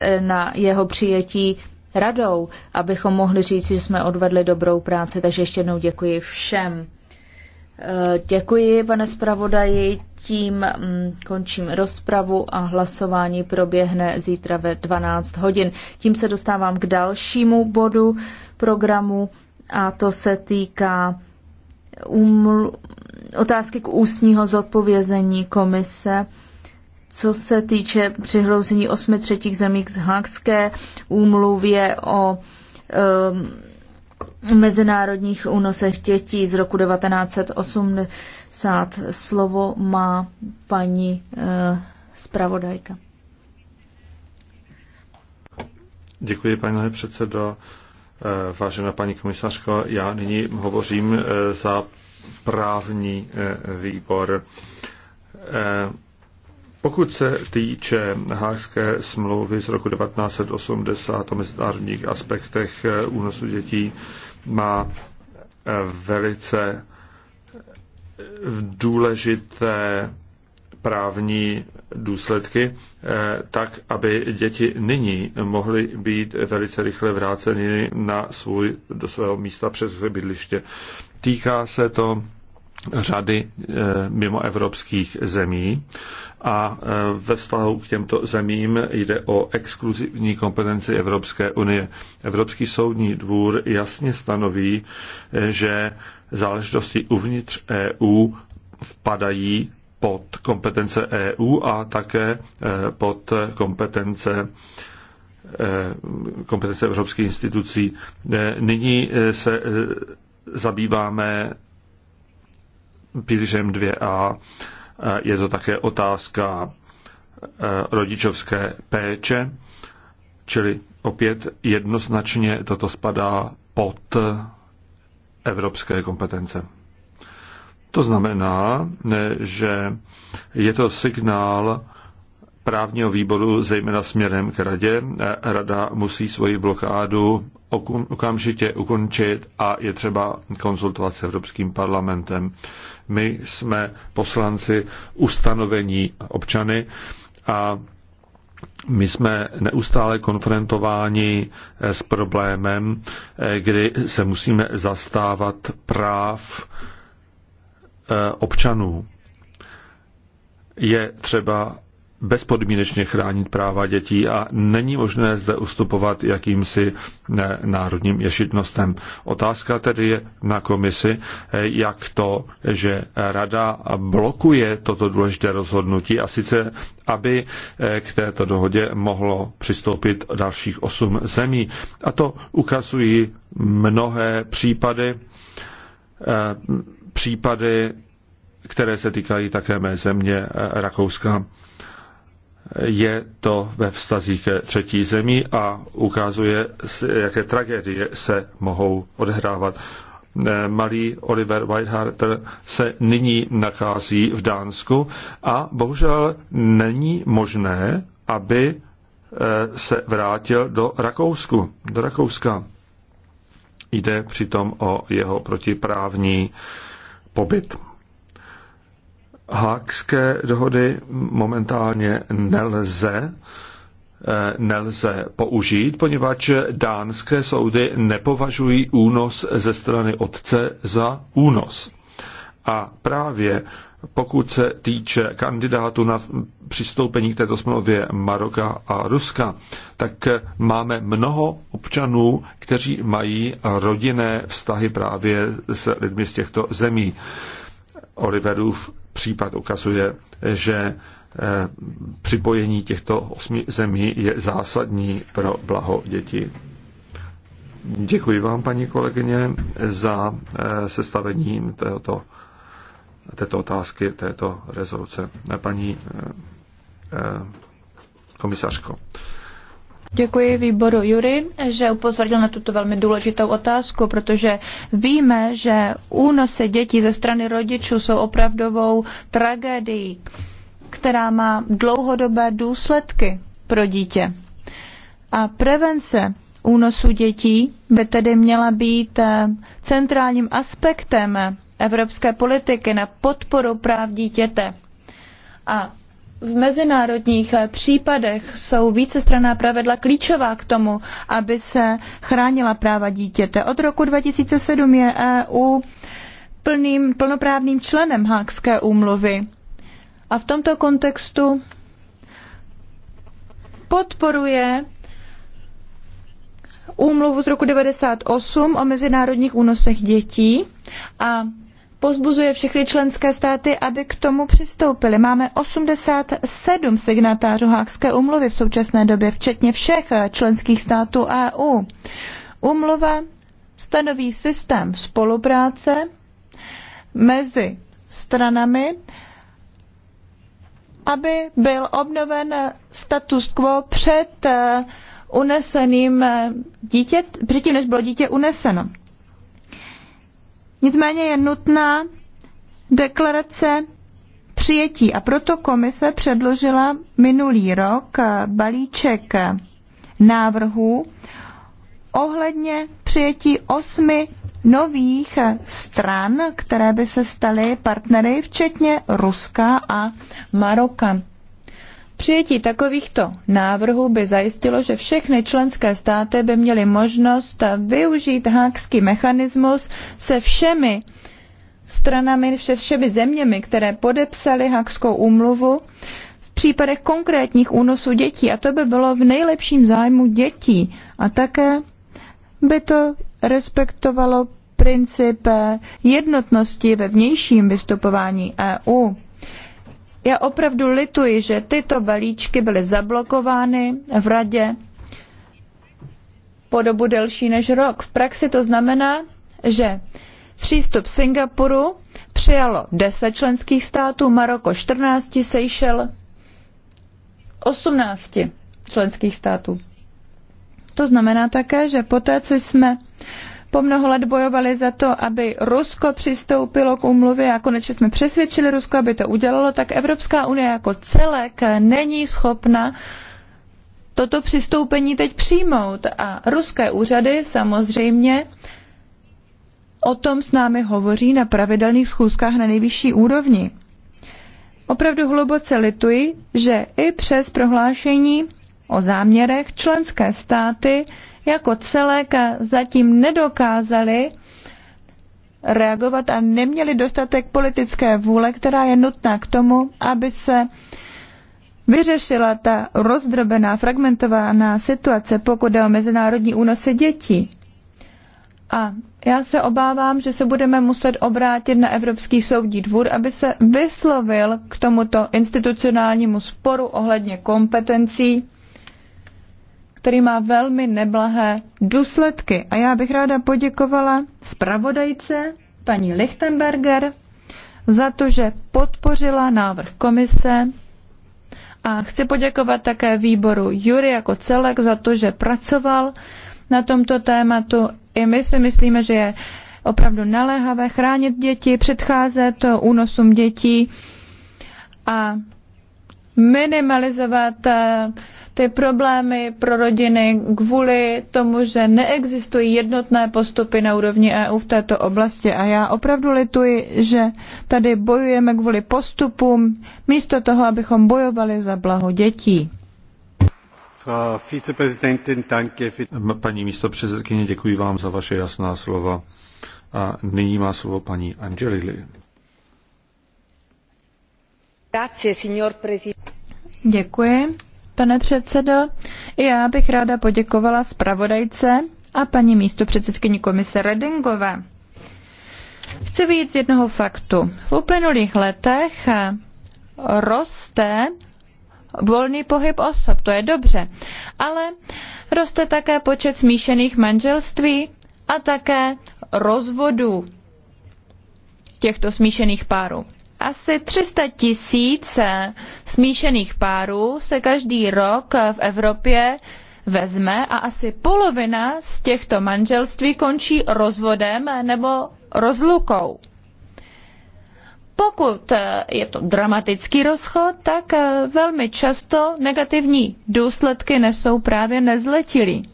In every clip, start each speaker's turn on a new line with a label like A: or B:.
A: E, na jeho přijetí radou, abychom mohli říct, že jsme odvedli dobrou práci. Takže ještě jednou děkuji všem. E, děkuji, pane zpravodaji. Tím mm, končím rozpravu a hlasování proběhne zítra ve 12 hodin. Tím se dostávám k dalšímu bodu programu a to se týká uml- otázky k ústního zodpovězení komise co se týče přihlouzení osmi třetích zemí k Hákské úmluvě o um, mezinárodních únosech dětí z roku 1980, slovo má paní uh, zpravodajka.
B: Děkuji, pane předsedo. Eh, vážená paní komisařko, já nyní hovořím eh, za právní výbor. Pokud se týče hájské smlouvy z roku 1980 o mezinárodních aspektech eh, únosu dětí, má eh, velice eh, důležité právní důsledky, tak, aby děti nyní mohly být velice rychle vráceny na svůj, do svého místa přes své bydliště. Týká se to řady eh, mimoevropských zemí a eh, ve vztahu k těmto zemím jde o exkluzivní kompetenci Evropské unie. Evropský soudní dvůr jasně stanoví, eh, že záležitosti uvnitř EU vpadají pod kompetence EU a také pod kompetence kompetence evropských institucí. Nyní se zabýváme pilířem 2a. Je to také otázka e, rodičovské péče, čili opět jednoznačně toto spadá pod evropské kompetence. To znamená, e, že je to signál právního výboru, zejména směrem k radě. Rada musí svoji blokádu okamžitě ukončit a je třeba konzultovat s Evropským parlamentem. My jsme poslanci ustanovení občany a my jsme neustále konfrontováni s problémem, kdy se musíme zastávat práv eh, občanů. Je třeba bezpodmínečně chránit práva dětí a není možné zde ustupovat jakýmsi eh, národním ješitnostem. Otázka tedy je na komisi, eh, jak to, že rada blokuje toto důležité rozhodnutí a sice, aby eh, k této dohodě mohlo přistoupit dalších osm zemí. A to ukazují mnohé případy, případy, které se týkají také mé země Rakouska je to ve vztazích ke třetí zemí a ukazuje, jaké tragédie se mohou odehrávat. Malý Oliver Whitehart se nyní nachází v Dánsku a bohužel není možné, aby eh, se vrátil do Rakousku, do Rakouska. Jde přitom o jeho protiprávní pobyt hákské dohody momentálně nelze eh, nelze použít, poněvadž dánské soudy nepovažují únos ze strany otce za únos. A právě pokud se týče kandidátu na přistoupení k této smlouvě Maroka a Ruska, tak máme mnoho občanů, kteří mají rodinné vztahy právě s lidmi z těchto zemí. Oliverův případ ukazuje, že eh, připojení těchto osmi zemí je zásadní pro blaho dětí. Děkuji vám, paní kolegyně, za eh, sestavení této, této otázky, této rezoluce. Paní eh, komisařko.
C: Děkuji výboru Jury, že upozornil na tuto velmi důležitou otázku, protože víme, že únosy dětí ze strany rodičů jsou opravdovou tragédií, která má dlouhodobé důsledky pro dítě. A prevence únosu dětí by tedy měla být eh, centrálním aspektem evropské politiky na podporu práv dítěte. A v mezinárodních eh, případech jsou vícestranná pravidla klíčová k tomu, aby se chránila práva dítěte. Od roku 2007 je EU plným, plnoprávným členem Hákské úmluvy. A v tomto kontextu podporuje úmluvu z roku 1998 o mezinárodních únosech dětí a pozbuzuje všechny členské státy, aby k tomu přistoupili. Máme 87 signatářů Hákské umluvy v současné době, včetně všech členských států EU. Umluva stanoví systém spolupráce mezi stranami, aby byl obnoven status quo před eh, uneseným eh, dítě, předtím, než bylo dítě uneseno. Nicméně je nutná deklarace přijetí a proto komise předložila minulý rok balíček návrhů ohledně přijetí osmi nových stran, které by se staly partnery, včetně Ruska a Maroka. Přijetí takovýchto návrhů by zajistilo, že všechny členské státy by měly možnost využít hákský mechanismus se všemi stranami, se všemi zeměmi, které podepsaly hákskou úmluvu v případech konkrétních únosů dětí. A to by bylo v nejlepším zájmu dětí. A také by to respektovalo princip jednotnosti ve vnějším vystupování EU. Já opravdu lituji, že tyto balíčky byly zablokovány v radě po dobu delší než rok. V praxi to znamená, že přístup Singapuru přijalo 10 členských států, Maroko 14, Seychelles 18 členských států. To znamená také, že poté, co jsme po mnoho let bojovali za to, aby Rusko přistoupilo k úmluvě a konečně jsme přesvědčili Rusko, aby to udělalo, tak Evropská unie jako celek není schopna toto přistoupení teď přijmout. A ruské úřady samozřejmě o tom s námi hovoří na pravidelných schůzkách na nejvyšší úrovni. Opravdu hluboce lituji, že i přes prohlášení o záměrech členské státy jako celek a zatím nedokázali reagovat a neměli dostatek politické vůle, která je nutná k tomu, aby se vyřešila ta rozdrobená, fragmentovaná situace, pokud jde o mezinárodní únosy dětí. A já se obávám, že se budeme muset obrátit na Evropský soudní dvůr, aby se vyslovil k tomuto institucionálnímu sporu ohledně kompetencí který má velmi neblahé důsledky. A já bych ráda poděkovala zpravodajce paní Lichtenberger za to, že podpořila návrh komise a chci poděkovat také výboru Jury jako celek za to, že pracoval na tomto tématu. I my si myslíme, že je opravdu naléhavé chránit děti, předcházet únosům dětí a minimalizovat eh, ty problémy pro rodiny kvůli tomu, že neexistují jednotné postupy na úrovni EU v této oblasti. A já opravdu lituji, že tady bojujeme kvůli postupům, místo toho, abychom bojovali za blaho dětí.
B: Paní místo předsedkyně, děkuji vám za vaše jasná slova. A nyní má slovo paní Angelili.
C: Děkuji. Pane předsedo, já bych ráda poděkovala zpravodajce a paní místopředsedkyni komise Redingové. Chci vyjít z jednoho faktu. V uplynulých letech roste volný pohyb osob, to je dobře, ale roste také počet smíšených manželství a také rozvodů těchto smíšených párů asi 300 tisíc smíšených párů se každý rok v Evropě vezme a asi polovina z těchto manželství končí rozvodem nebo rozlukou. Pokud je to dramatický rozchod, tak velmi často negativní důsledky nesou právě nezletilí.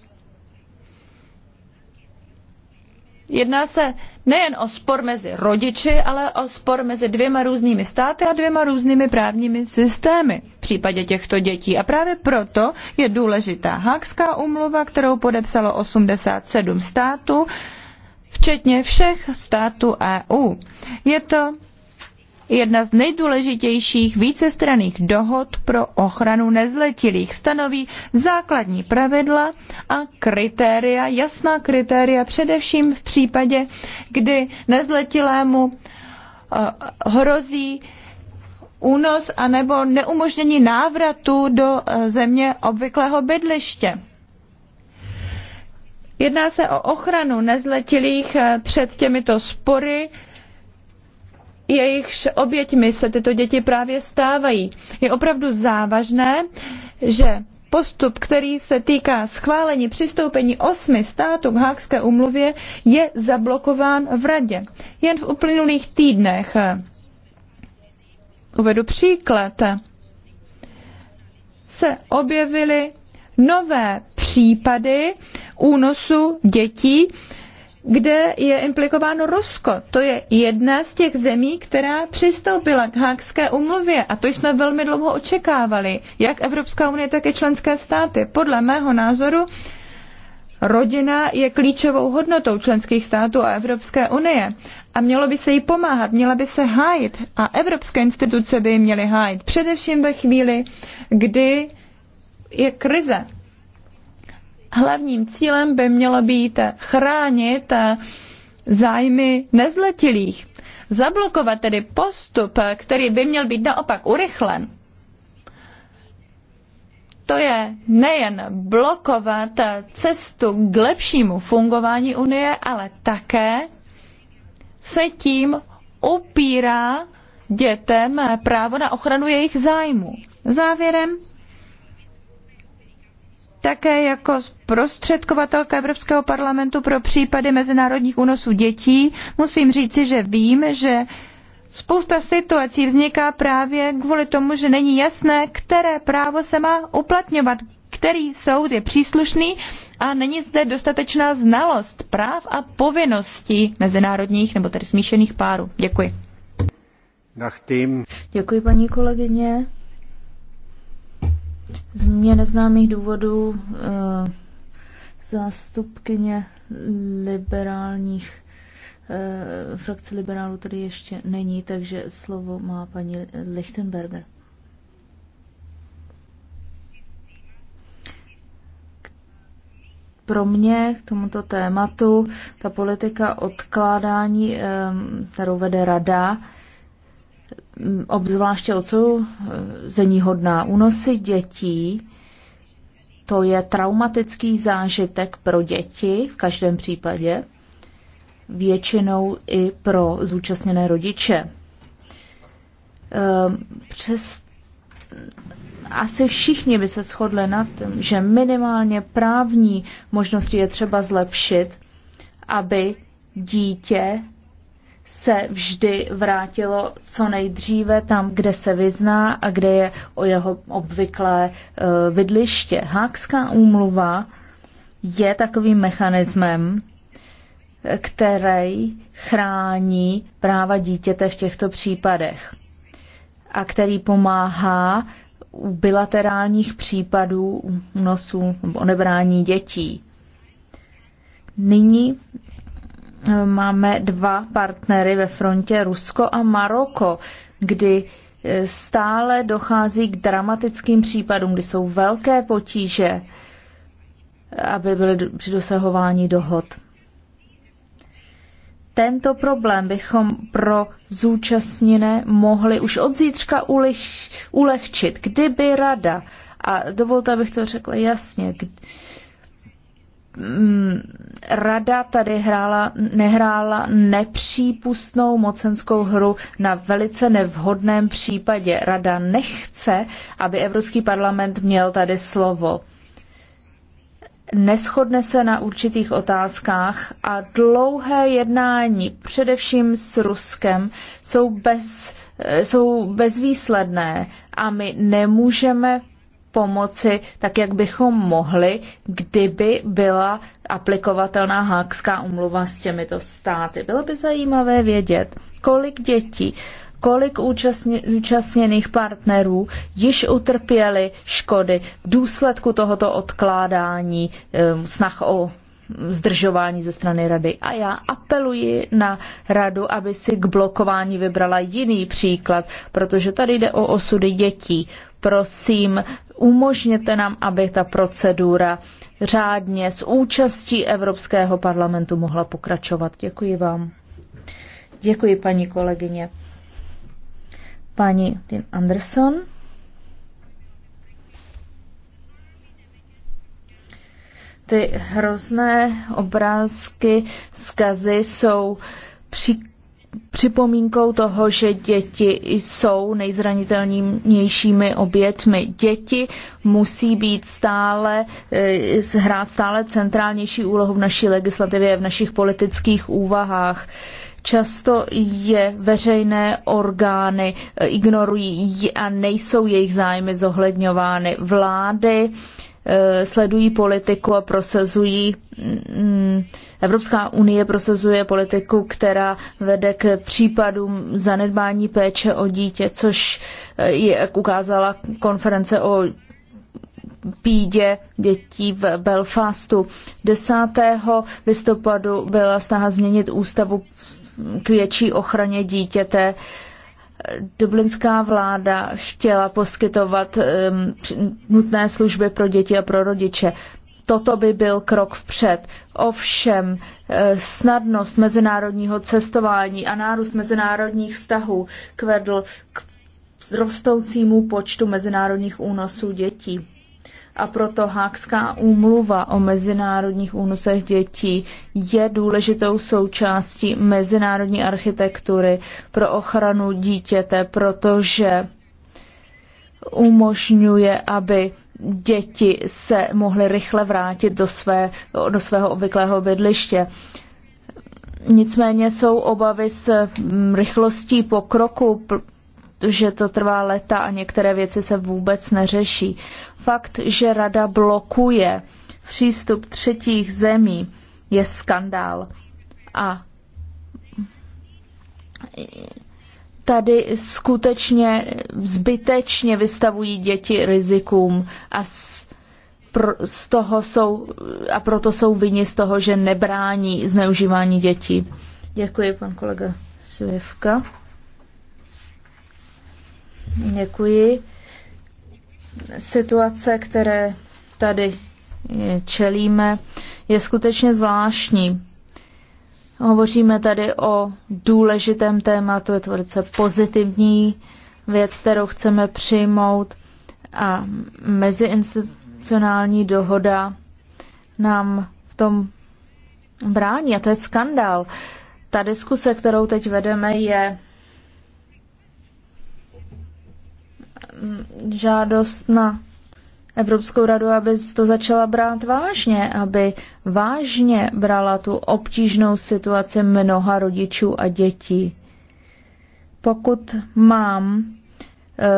C: Jedná se nejen o spor mezi rodiči, ale o spor mezi dvěma různými státy a dvěma různými právními systémy v případě těchto dětí. A právě proto je důležitá Hákská umluva, kterou podepsalo 87 států, včetně všech států EU. Je to jedna z nejdůležitějších vícestranných dohod pro ochranu nezletilých. Stanoví základní pravidla a kritéria, jasná kritéria, především v případě, kdy nezletilému eh, hrozí únos anebo neumožnění návratu do eh, země obvyklého bydliště. Jedná se o ochranu nezletilých eh, před těmito spory, jejichž oběťmi se tyto děti právě stávají. Je opravdu závažné, že postup, který se týká schválení přistoupení osmi států k Hákské umluvě, je zablokován v Radě. Jen v uplynulých týdnech uvedu příklad, se objevily nové případy únosu dětí, kde je implikováno Rusko. To je jedna z těch zemí, která přistoupila k Hákské umluvě a to jsme velmi dlouho očekávali, jak Evropská unie, tak i členské státy. Podle mého názoru rodina je klíčovou hodnotou členských států a Evropské unie a mělo by se jí pomáhat, měla by se hájit a evropské instituce by ji měly hájit, především ve chvíli, kdy je krize hlavním cílem by mělo být chránit eh, zájmy nezletilých. Zablokovat tedy postup, eh, který by měl být naopak urychlen, to je nejen blokovat eh, cestu k lepšímu fungování Unie, ale také se tím upírá dětem právo na ochranu jejich zájmů. Závěrem také jako prostředkovatelka Evropského parlamentu pro případy mezinárodních únosů dětí musím říci, že vím, že Spousta situací vzniká právě kvůli tomu, že není jasné, které právo se má uplatňovat, který soud je příslušný a není zde dostatečná znalost práv a povinností mezinárodních nebo tedy smíšených párů. Děkuji.
A: Děkuji paní kolegyně. Z mě neznámých důvodů eh, zástupkyně liberálních eh, frakce liberálů tady ještě není, takže slovo má paní Lichtenberger. Pro mě k tomuto tématu ta politika odkládání, eh, kterou vede rada, obzvláště odsouzení eh, hodná únosy dětí, to je traumatický zážitek pro děti v každém případě, většinou i pro zúčastněné rodiče. Ehm, přes asi všichni by se shodli na tom, že minimálně právní možnosti je třeba zlepšit, aby dítě se vždy vrátilo co nejdříve tam, kde se vyzná a kde je o jeho obvyklé e, vidliště Hákská úmluva je takovým mechanismem, který chrání práva dítěte v těchto případech a který pomáhá u bilaterálních případů nosu nebo odebrání dětí. Nyní máme dva partnery ve frontě Rusko a Maroko, kdy e, stále dochází k dramatickým případům, kdy jsou velké potíže, aby byly při dosahování dohod. Tento problém bychom pro zúčastněné mohli už od zítřka ulehčit, kdyby rada, a dovolte, abych to řekla jasně, Mm, rada tady hrála, nehrála nepřípustnou mocenskou hru na velice nevhodném případě. Rada nechce, aby Evropský parlament měl tady slovo. Neschodne se na určitých otázkách a dlouhé jednání, především s Ruskem, jsou, bez, eh, jsou bezvýsledné a my nemůžeme pomoci tak, jak bychom mohli, kdyby byla aplikovatelná hákská umluva s těmito státy. Bylo by zajímavé vědět, kolik dětí, kolik zúčastněných partnerů již utrpěli škody v důsledku tohoto odkládání ehm, snah o zdržování ze strany rady. A já apeluji na radu, aby si k blokování vybrala jiný příklad, protože tady jde o osudy dětí. Prosím, umožněte nám, aby ta procedura řádně s účastí Evropského parlamentu mohla pokračovat. Děkuji vám. Děkuji, paní kolegyně. Paní Tim Anderson. Ty hrozné obrázky zkazy jsou příkladem připomínkou toho, že děti jsou nejzranitelnějšími obětmi. Děti musí být stále, eh, hrát stále centrálnější úlohu v naší legislativě, v našich politických úvahách. Často je veřejné orgány eh, ignorují a nejsou jejich zájmy zohledňovány. Vlády Eh, sledují politiku a prosazují. Mm, Evropská unie prosazuje politiku, která vede k případům zanedbání péče o dítě, což eh, je, jak ukázala konference o pídě dětí v Belfastu. 10. listopadu byla snaha změnit ústavu k větší ochraně dítěte dublinská vláda chtěla poskytovat um, nutné služby pro děti a pro rodiče. Toto by byl krok vpřed. Ovšem, eh, snadnost mezinárodního cestování a nárůst mezinárodních vztahů kvedl k rostoucímu počtu mezinárodních únosů dětí a proto Hákská úmluva o mezinárodních únosech dětí je důležitou součástí mezinárodní architektury pro ochranu dítěte, protože umožňuje, aby děti se mohly rychle vrátit do, své, do svého obvyklého bydliště. Nicméně jsou obavy s rychlostí pokroku že to trvá leta a některé věci se vůbec neřeší. Fakt, že rada blokuje přístup třetích zemí, je skandál. A tady skutečně zbytečně vystavují děti rizikům a z, pro, z toho jsou, a proto jsou vinni z toho, že nebrání zneužívání dětí. Děkuji, pan kolega Svěvka. Děkuji. Situace, které tady čelíme, je skutečně zvláštní. Hovoříme tady o důležitém tématu, je to velice pozitivní věc, kterou chceme přijmout a meziinstitucionální dohoda nám v tom brání a to je skandál. Ta diskuse, kterou teď vedeme, je Mm, žádost na Evropskou radu, aby to začala brát vážně, aby vážně brala tu obtížnou situaci mnoha rodičů a dětí. Pokud mám e,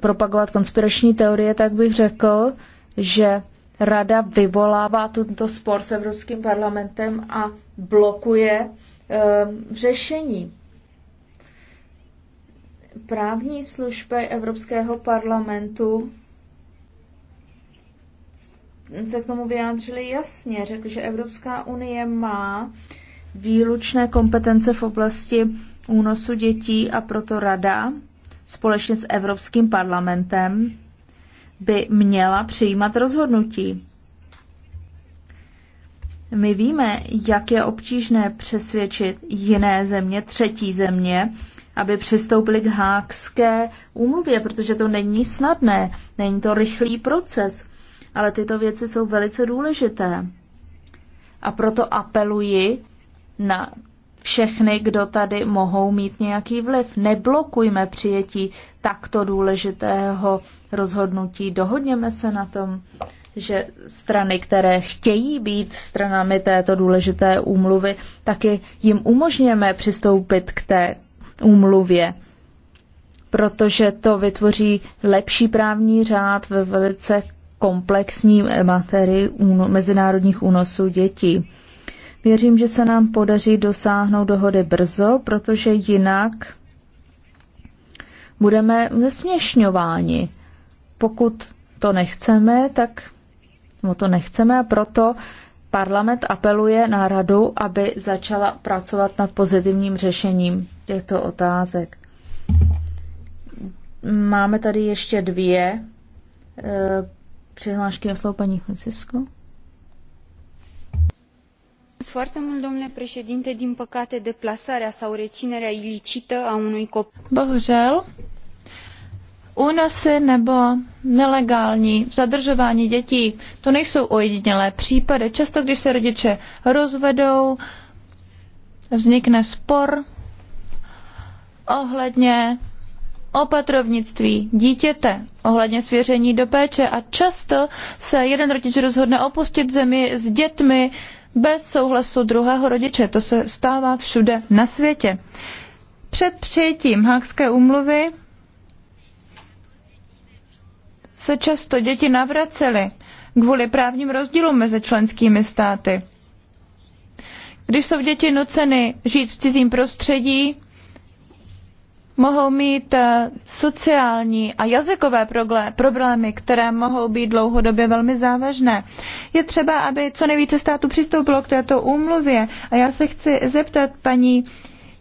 A: propagovat konspirační teorie, tak bych řekl, že rada vyvolává tento spor s Evropským parlamentem a blokuje e, řešení právní služby Evropského parlamentu se k tomu vyjádřili jasně. Řekli, že Evropská unie má výlučné kompetence v oblasti únosu dětí a proto Rada společně s Evropským parlamentem by měla přijímat rozhodnutí. My víme, jak je obtížné přesvědčit jiné země, třetí země, aby přistoupili k hákské úmluvě, protože to není snadné, není to rychlý proces, ale tyto věci jsou velice důležité. A proto apeluji na všechny, kdo tady mohou mít nějaký vliv. Neblokujme přijetí takto důležitého rozhodnutí. Dohodněme se na tom, že strany, které chtějí být stranami této důležité úmluvy, taky jim umožněme přistoupit k té úmluvě, protože to vytvoří lepší právní řád ve velice komplexní materii mezinárodních únosů dětí. Věřím, že se nám podaří dosáhnout dohody brzo, protože jinak budeme zesměšňováni. Pokud to nechceme, tak no to nechceme a proto Parlament apeluje na radu, aby začala pracovat nad pozitivním řešením těchto otázek. Máme tady ještě dvě eh, přihlášky o slovo paní Francisco.
C: a Bohužel, Únosy nebo nelegální zadržování dětí, to nejsou ojedinělé případy. Často, když se rodiče rozvedou, vznikne spor ohledně opatrovnictví dítěte, ohledně svěření do péče a často se jeden rodič rozhodne opustit zemi s dětmi bez souhlasu druhého rodiče. To se stává všude na světě. Před přijetím Hákské úmluvy se často děti navracely kvůli právním rozdílům mezi členskými státy. Když jsou děti nuceny žít v cizím prostředí, mohou mít eh, sociální a jazykové problémy, které mohou být dlouhodobě velmi závažné. Je třeba, aby co nejvíce státu přistoupilo k této úmluvě. A já se chci zeptat paní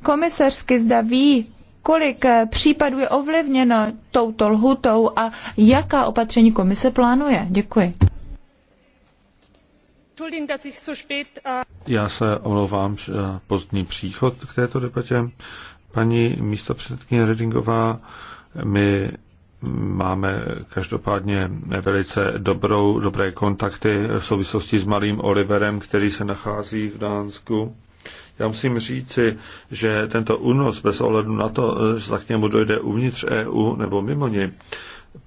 C: komisařsky, zda ví, kolik eh, případů je ovlivněno touto lhutou a jaká opatření komise plánuje? Děkuji.
B: Eh, Já se omlouvám že pozdní příchod k této debatě. Paní místopředsedkyně Redingová, my máme každopádně velice dobrou, dobré kontakty v souvislosti s malým Oliverem, který se nachází v Dánsku. Já musím říci, že tento únos bez ohledu na to, zda k němu dojde uvnitř EU nebo mimo ní,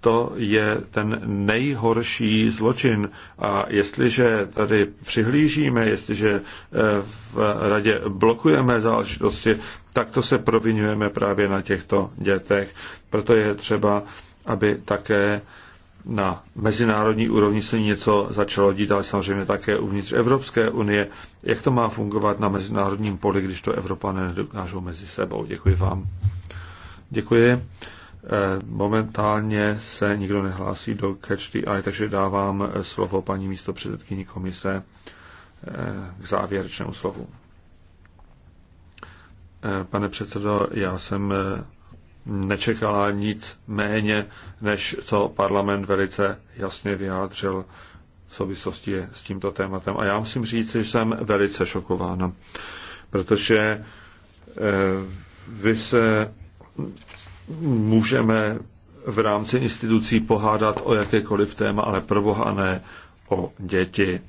B: to je ten nejhorší zločin. A jestliže tady přihlížíme, jestliže eh, v radě blokujeme záležitosti, tak to se provinujeme právě na těchto dětech. Proto je třeba, aby také na mezinárodní úrovni se něco začalo dít, ale samozřejmě také uvnitř Evropské unie. Jak to má fungovat na mezinárodním poli, když to Evropané nedokážou mezi sebou? Děkuji vám. Děkuji. Eh, momentálně se nikdo nehlásí do Catch the Eye, takže dávám eh, slovo paní místo předsedkyni komise eh, k závěrečnému slovu. Pane předsedo, já jsem nečekala nic méně, než co parlament velice jasně vyjádřil v souvislosti s tímto tématem. A já musím říct, že jsem velice šokována, protože eh, vy se můžeme v rámci institucí pohádat o jakékoliv téma, ale boha ne o děti.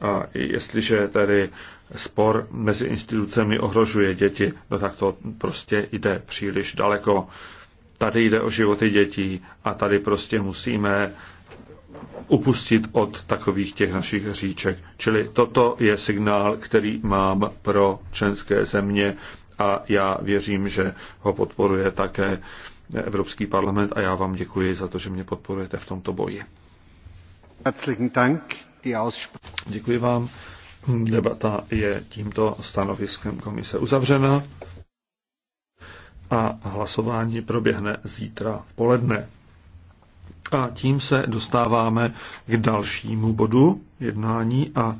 B: A jestliže tedy spor mezi institucemi ohrožuje děti, no tak to prostě jde příliš daleko. Tady jde o životy dětí a tady prostě musíme upustit od takových těch našich říček. Čili toto je signál, který mám pro členské země a já věřím, že ho podporuje také Evropský parlament a já vám děkuji za to, že mě podporujete v tomto boji. Herzlichen Dank. Děkuji vám. Debata je tímto stanoviskem komise uzavřena a hlasování proběhne zítra v poledne. A tím se dostáváme k dalšímu bodu jednání a